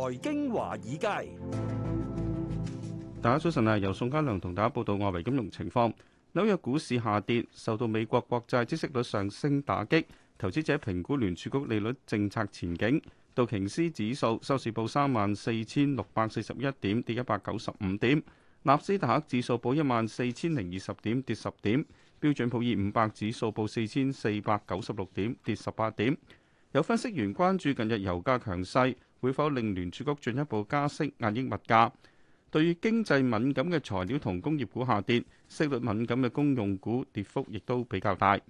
財經華爾街，大家早晨啊！由宋嘉良同大家報道外圍金融情況。紐約股市下跌，受到美國國債孳息率上升打擊，投資者評估聯儲局利率政策前景。道瓊斯指數收市報三萬四千六百四十一點，跌一百九十五點。納斯達克指數報一萬四千零二十點，跌十點。標準普爾五百指數報四千四百九十六點，跌十八點。有分析員關注近日油價強勢。會否令聯儲局進一步加息壓抑物價？對於經濟敏感嘅材料同工業股下跌，息率敏感嘅公用股跌幅亦都比較大。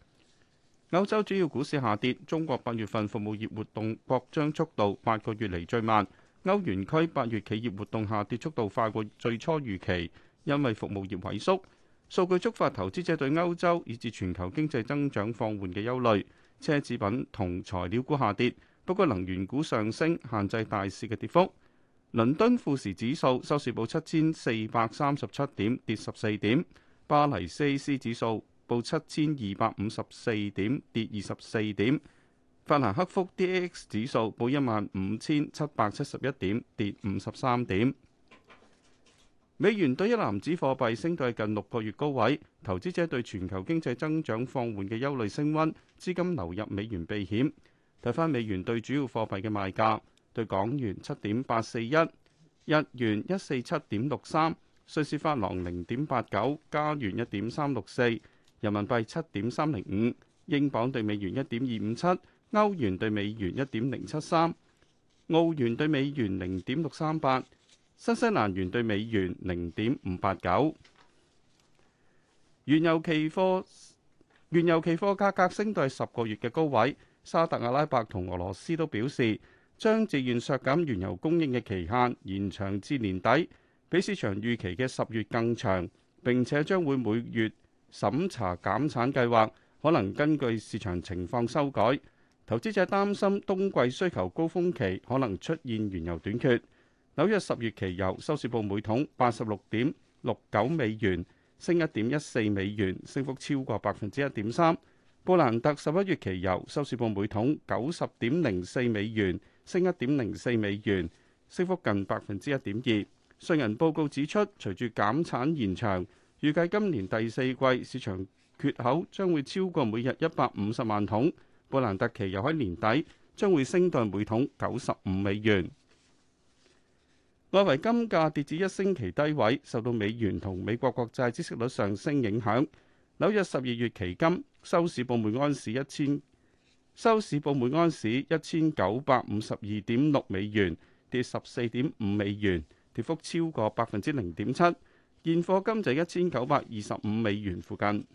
歐洲主要股市下跌，中國八月份服務業活動擴張速度八個月嚟最慢。歐元區八月企業活動下跌速度快過最初預期，因為服務業萎縮。數據觸發投資者對歐洲以至全球經濟增長放緩嘅憂慮。奢侈品同材料股下跌。嗰個能源股上升，限制大市嘅跌幅。倫敦富時指數收市報七千四百三十七點，跌十四點。巴黎 CAC 指數報七千二百五十四點，跌二十四點。法蘭克福 DAX 指數報一萬五千七百七十一點，跌五十三點。美元對一籃子貨幣升到近六個月高位，投資者對全球經濟增長放緩嘅憂慮升溫，資金流入美元避險。睇翻美元對主要貨幣嘅賣價，對港元七點八四一，日元一四七點六三，瑞士法郎零點八九，加元一點三六四，人民幣七點三零五，英鎊對美元一點二五七，歐元對美元一點零七三，澳元對美元零點六三八，新西蘭元對美元零點五八九。原油期貨，原油期貨價格升到十個月嘅高位。沙特阿拉伯同俄羅斯都表示，將自願削減原油供應嘅期限延長至年底，比市場預期嘅十月更長，並且將會每月審查減產計劃，可能根據市場情況修改。投資者擔心冬季需求高峰期可能出現原油短缺。紐約十月期油收市報每桶八十六點六九美元，升一點一四美元，升幅超過百分之一點三。布蘭特十一月期油收市報每桶九十點零四美元，升一點零四美元，升幅近百分之一點二。瑞銀報告指出，隨住減產延長，預計今年第四季市場缺口將會超過每日一百五十萬桶。布蘭特期油喺年底將會升到每桶九十五美元。外圍金價跌至一星期低位，受到美元同美國國債孳息率上升影響。紐約十二月期金。收市報每安士一千，收市報每安士一千九百五十二點六美元，跌十四點五美元，跌幅超過百分之零點七。現貨金就一千九百二十五美元附近。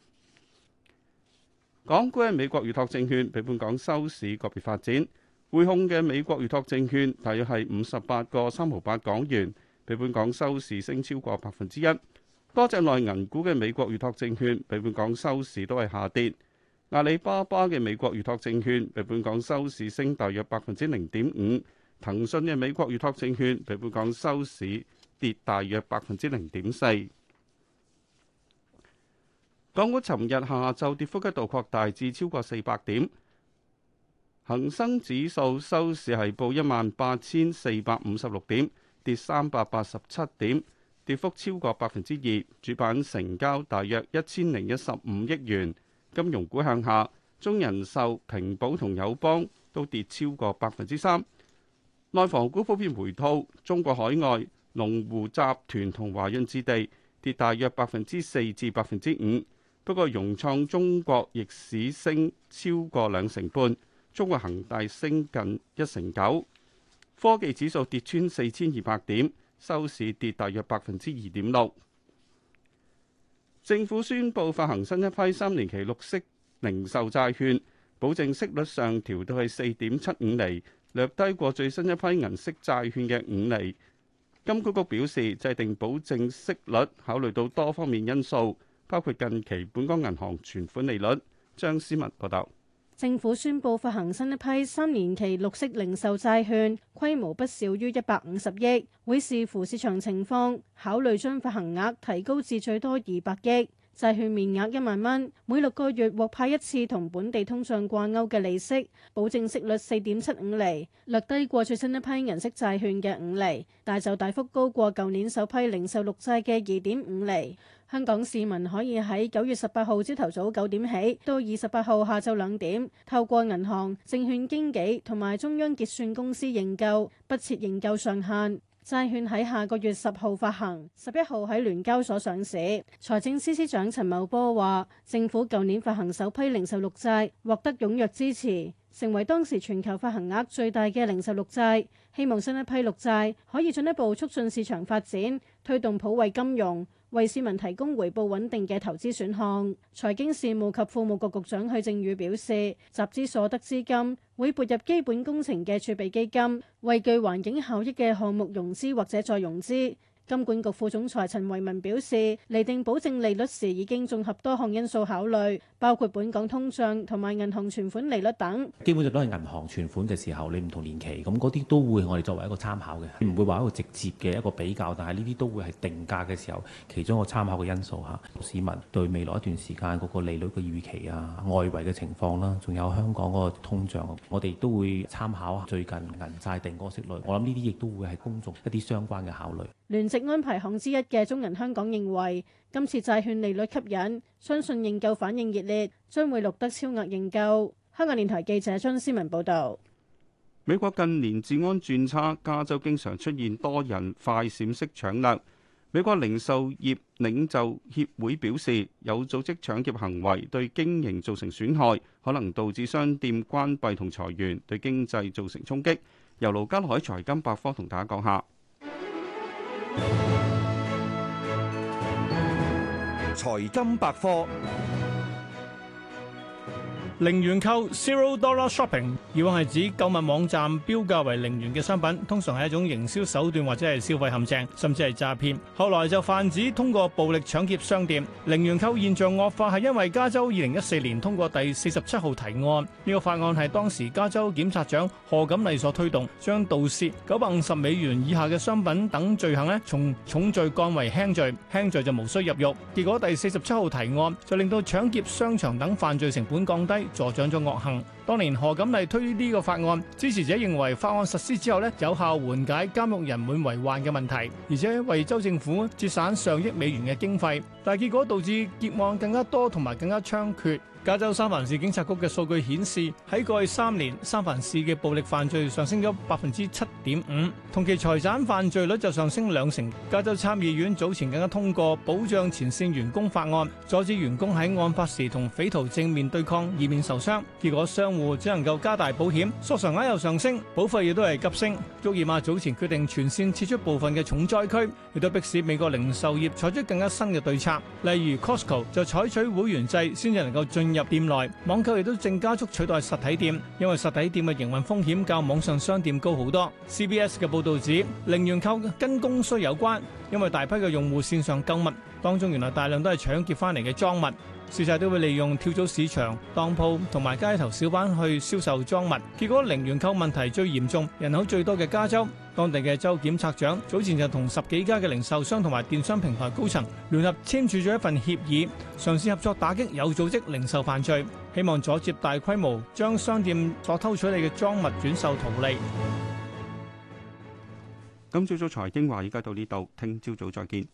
港股嘅美國預託證券，比本港收市個別發展。匯控嘅美國預託證券，大約係五十八個三毫八港元，比本港收市升超過百分之一。多隻內銀股嘅美國預託證券比本港收市都係下跌。阿里巴巴嘅美國預託證券比本港收市升大約百分之零點五，騰訊嘅美國預託證券比本港收市跌大約百分之零點四。港股尋日下晝跌幅一度擴大至超過四百點，恒生指數收市係報一萬八千四百五十六點，跌三百八十七點。跌幅超過百分之二，主板成交大約一千零一十五億元。金融股向下，中人壽、平保同友邦都跌超過百分之三。內房股普遍回吐，中國海外、龍湖集團同華潤置地跌大約百分之四至百分之五。不過，融創中國逆市升超過兩成半，中國恒大升近一成九。科技指數跌穿四千二百點。收市跌大約百分之二點六。政府宣布發行新一批三年期綠色零售債券，保證息率上調到係四點七五厘，略低過最新一批銀色債券嘅五厘。金管局表示，制定保證息率考慮到多方面因素，包括近期本港銀行存款利率。張思文報道。政府宣布發行新一批三年期綠色零售債券，規模不少於一百五十億，會視乎市場情況考慮將發行額提高至最多二百億。債券面額一萬蚊，每六個月獲派一次同本地通脹掛鈎嘅利息，保證息率四點七五厘，略低過最新一批銀色債券嘅五厘，但就大幅高過舊年首批零售綠債嘅二點五厘。香港市民可以喺九月十八號朝頭早九點起到二十八號下晝兩點，透過銀行、證券經紀同埋中央結算公司認購，不設認購上限。債券喺下個月十號發行，十一號喺聯交所上市。財政司司長陳茂波話，政府舊年發行首批零售綠債，獲得踴躍支持，成為當時全球發行額最大嘅零售綠債。希望新一批綠債可以進一步促進市場發展。推動普惠金融，為市民提供回報穩定嘅投資選項。財經事務及庫務局局長許正宇表示，集資所得資金會撥入基本工程嘅儲備基金，為具環境效益嘅項目融資或者再融資。金管局副總裁陳慧文表示，釐定保證利率時已經綜合多項因素考慮，包括本港通脹同埋銀行存款利率等。基本上都係銀行存款嘅時候，你唔同年期，咁嗰啲都會我哋作為一個參考嘅，唔會話一個直接嘅一個比較，但係呢啲都會係定價嘅時候，其中一個參考嘅因素吓。市民對未來一段時間嗰個利率嘅預期啊，外圍嘅情況啦、啊，仲有香港嗰個通脹，我哋都會參考最近銀債定嗰個息率。我諗呢啲亦都會係公眾一啲相關嘅考慮。安排行之一嘅中銀香港認為，今次債券利率吸引，相信認購反應熱烈，將會錄得超額認購。香港電台記者張思文報道。美國近年治安轉差，加州經常出現多人快閃式搶掠。美國零售業領袖協會表示，有組織搶劫行為對經營造成損害，可能導致商店關閉同裁員，對經濟造成衝擊。由盧家海、財金百科同大家講下。財金百科。零元購 （zero dollar shopping） 以往係指購物網站標價為零元嘅商品，通常係一種營銷手段或者係消費陷阱，甚至係詐騙。後來就泛指通過暴力搶劫商店。零元購現象惡化係因為加州二零一四年通過第四十七號提案，呢、這個法案係當時加州檢察長賀錦麗所推動，將盜竊九百五十美元以下嘅商品等罪行咧從重罪降為輕罪，輕罪就無需入獄。結果第四十七號提案就令到搶劫商場等犯罪成本降低。助長咗惡行。當年何錦麗推呢個法案，支持者認為法案實施之後呢，有效緩解監獄人滿為患嘅問題，而且為州政府節省上億美元嘅經費。但結果導致劫案更加多，同埋更加猖獗。加州三藩市警察局嘅數據顯示，喺過去三年，三藩市嘅暴力犯罪上升咗百分之七點五，同期財產犯罪率就上升兩成。加州參議院早前更加通過保障前線員工法案，阻止員工喺案發時同匪徒正面對抗以免受傷。結果商戶只能夠加大保險，索償額又上升，保費亦都係急升。沃爾瑪早前決定全線撤出部分嘅重災區，亦都迫使美國零售業採取更加新嘅對策，例如 Costco 就採取會員制先至能夠進入店內，網購亦都正加速取代實體店，因為實體店嘅營運風險較網上商店高好多。CBS 嘅報道指，零元購跟供需有關，因為大批嘅用戶線上購物，當中原來大量都係搶劫翻嚟嘅贓物。事實都會利用跳蚤市場、當鋪同埋街頭小販去銷售贓物，結果零元購問題最嚴重。人口最多嘅加州，當地嘅州檢察長早前就同十幾家嘅零售商同埋電商平台高層聯合簽署咗一份協議，嘗試合作打擊有組織零售犯罪，希望阻截大規模將商店所偷取嚟嘅贓物轉售圖利。今朝早財經華爾街，而家到呢度，聽朝早再見。